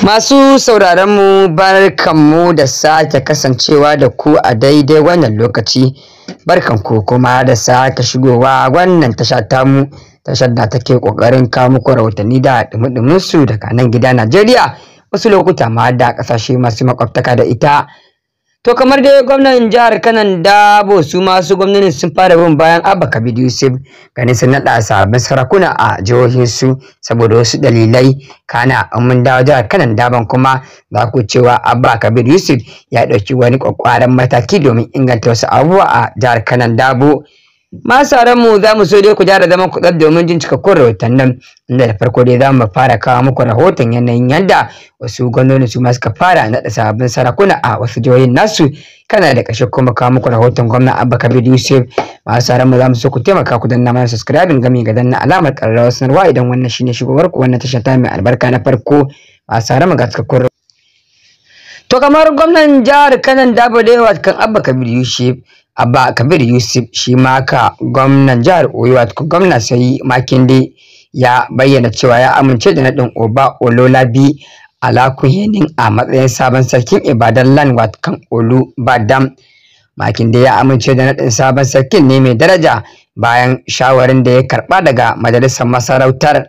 Masu sauraronmu barkanmu da sake kasancewa da ku a daidai wannan lokaci, barkanku kuma da sake shigowa wannan tasha tamu, tashar da take ƙoƙarin kawo muku rahotanni da ɗumi daga nan gida Najeriya, wasu lokuta ma da ƙasashe masu makwabtaka da ita. To kamar dai gwamnan jihar Kanan Dabo su masu gwamnatin sun fara bin bayan Abba Kabir Yusuf ganin sun nada sabbin sarakuna a jihohin su saboda wasu dalilai kana mun dawo jihar Kanan Daban kuma za ku cewa Abba Kabir Yusuf ya dauki wani ƙwaƙwaran mataki domin inganta wasu abubuwa a jihar Kanan Dabo. masu mu za mu so dai ku gyara zaman kuɗar domin jin cikakkun rahoton nan inda da farko dai za mu fara kawo muku rahoton yanayin yadda wasu gwamnoni su ma suka fara naɗa sababbin sarakuna a wasu jihohin nasu kana da ƙarshe kuma kawo muku rahoton gwamna abba kabir yusuf masu mu za mu so ku taimaka ku danna mana subscribing gami ga danna alamar ƙararrawa sanarwa idan wannan shine shugabar ku wannan tashar ta mai albarka na farko masu mu ga cikakkun To kamar gwamnan jihar Kanan Dabo yawa kan Abba Kabir Yusuf abba kabir yusuf shi ma ka gwamnan jihar oyo wato gwamna sai makinde ya bayyana cewa ya amince da naɗin oba ololabi alakuhenin a matsayin sabon sarkin ibadan lan wato kan olu badam makinde ya amince da naɗin sabon sarkin ne mai daraja bayan shawarin da ya karɓa daga majalisar masarautar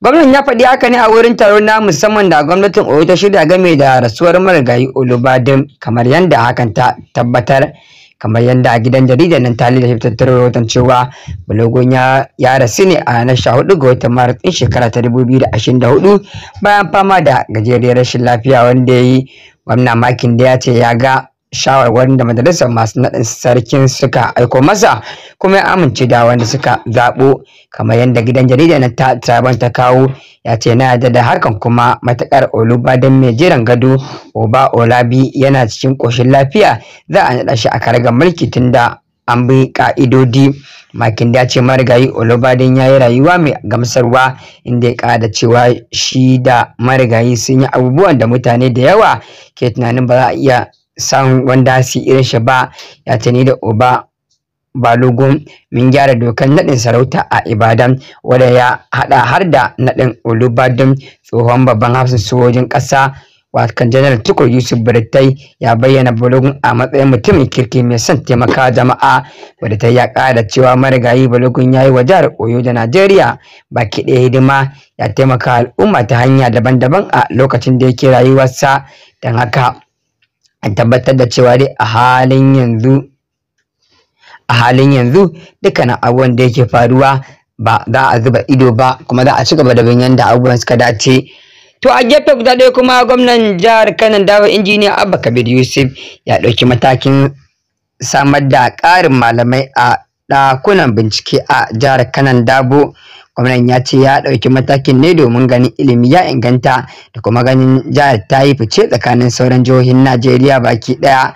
gwamnan ya faɗi haka ne a wurin taro na musamman da gwamnatin oyo ta shirya game da rasuwar marigayi olubadin kamar yadda hakan ta tabbatar kamar yadda a gidan jarida nan ta da shi tattara rahoton cewa balogun ya ya rasu ne a ranar sha hudu ga watan maris din shekara ta dubu biyu da ashirin da hudu bayan fama da gajeriyar rashin lafiya wanda ya yi gwamna makin da ya ce ya ga shawarwarin da majalisar masu naɗin sarkin suka aiko masa kuma ya amince da wanda suka zaɓo kamar yadda gidan jarida na taban ta kawo ya ce na yarda da hakan kuma matakar oluba olubadan mai jiran gado oba olabi yana cikin ƙoshin lafiya za a naɗa shi a karagar mulki tunda an bi ka'idodi makin da ce marigayi oluba ya yi rayuwa mai gamsarwa inda ya kada cewa shi da marigayi sun yi abubuwan da mutane da yawa ke tunanin ba za a iya san wanda su irin shi ba ya tani da oba Balogun mun gyara dokan naɗin sarauta a Ibadan wanda ya haɗa har da naɗin Olubadan tsohon babban hafsin sojojin ƙasa Wakan Janar Tukur Yusuf Birtai ya bayyana Balogun a matsayin mutumin kirki mai son taimaka jama'a ta ya ƙara cewa marigayi Balogun ya yi wa jihar Oyo da Najeriya baki ɗaya hidima ya taimaka al'umma ta hanya daban-daban a lokacin da yake rayuwarsa don haka an tabbatar da cewa dai a halin yanzu a halin yanzu dukkanin abubuwan da yake faruwa ba za a zuba ido ba kuma za a ci gaba da bin yanda abubuwan suka dace To a gefe guda ɗaya kuma gwamnan jihar Kano dawo injiniya Abba Kabir Yusuf ya ɗauki matakin samar da ƙarin malamai a ɗakunan bincike a jihar Kano Dabo. Gwamnan ya ce ya ɗauki matakin ne domin ganin ilimi ya inganta da kuma ganin jihar ta yi fice tsakanin sauran jihohin Najeriya baki ɗaya.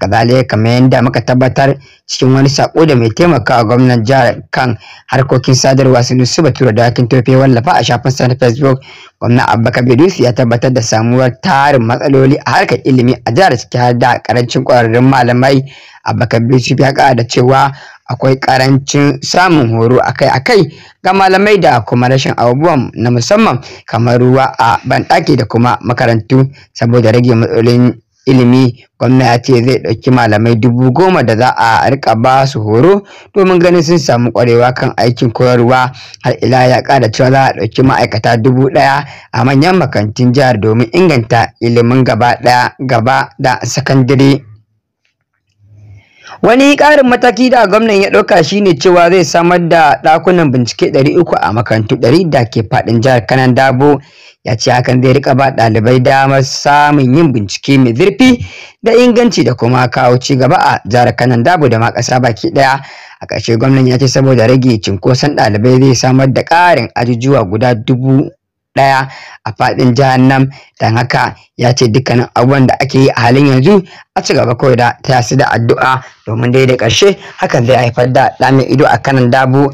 a zalika kamar yadda muka tabbatar cikin wani sako da mai taimaka gwamnan jihar kan harkokin sadarwa su batura da hakin tofe wallafa a shafin sa na facebook gwamnan abubakar bidusu ya tabbatar da samuwar tarin matsaloli a harkar ilimi a jihar ciki har da karancin kwararrun malamai abubakar bidusu ya kara da cewa akwai karancin samun horo akai-akai ga malamai da kuma rashin abubuwan na musamman kamar ruwa a banɗaki da kuma makarantu saboda rage matsalolin ilimi gwamna ya ce zai ɗauki malamai dubu goma da za a rika ba su horo domin ganin sun samu kwarewa kan aikin koyarwa har ila ya ƙara cewa za a ɗauki ma'aikata dubu ɗaya a manyan makarantun jihar domin inganta ilimin gaba ɗaya gaba da sakandare Wani ƙarin mataki da gwamnan ya ɗauka shine cewa zai samar da ɗakunan bincike 300 a makarantu 100 da ke faɗin jihar Kanan Dabo. Ya ce hakan zai rika ba ɗalibai damar samun yin bincike mai zurfi da inganci da kuma kawo ci gaba a jihar Kanan Dabo da ma ƙasa baki ɗaya. A ƙarshe gwamnan ya ce saboda rage cinkoson ɗalibai zai samar da ƙarin ajujuwa guda dubu ɗaya a faɗin jihar nan don haka ya ce dukkanin abubuwan da ake yi a halin yanzu a ci gaba kawai da ta su da addu'a domin dai da ƙarshe hakan zai haifar da mai ido a kanan dabu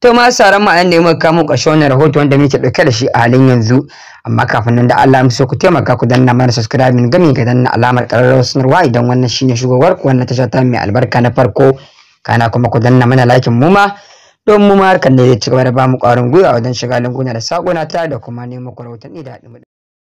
to ma sauran ma'anar ne muka kamo ƙarshe wannan rahoto wanda muke ɗauke da shi a halin yanzu amma kafin nan da Allah mu so ku taimaka ku danna mana subscribe min gami ga danna alamar ƙararrawar sanarwa idan wannan shine shugawar ku wannan tasha ta mai albarka na farko kana kuma ku danna mana lakin mu ma don mu ma harkar ne zai ci gaba da bamu ƙwarin gwiwa wajen shiga lunguna da saƙona ta da kuma neman ku ni da haɗin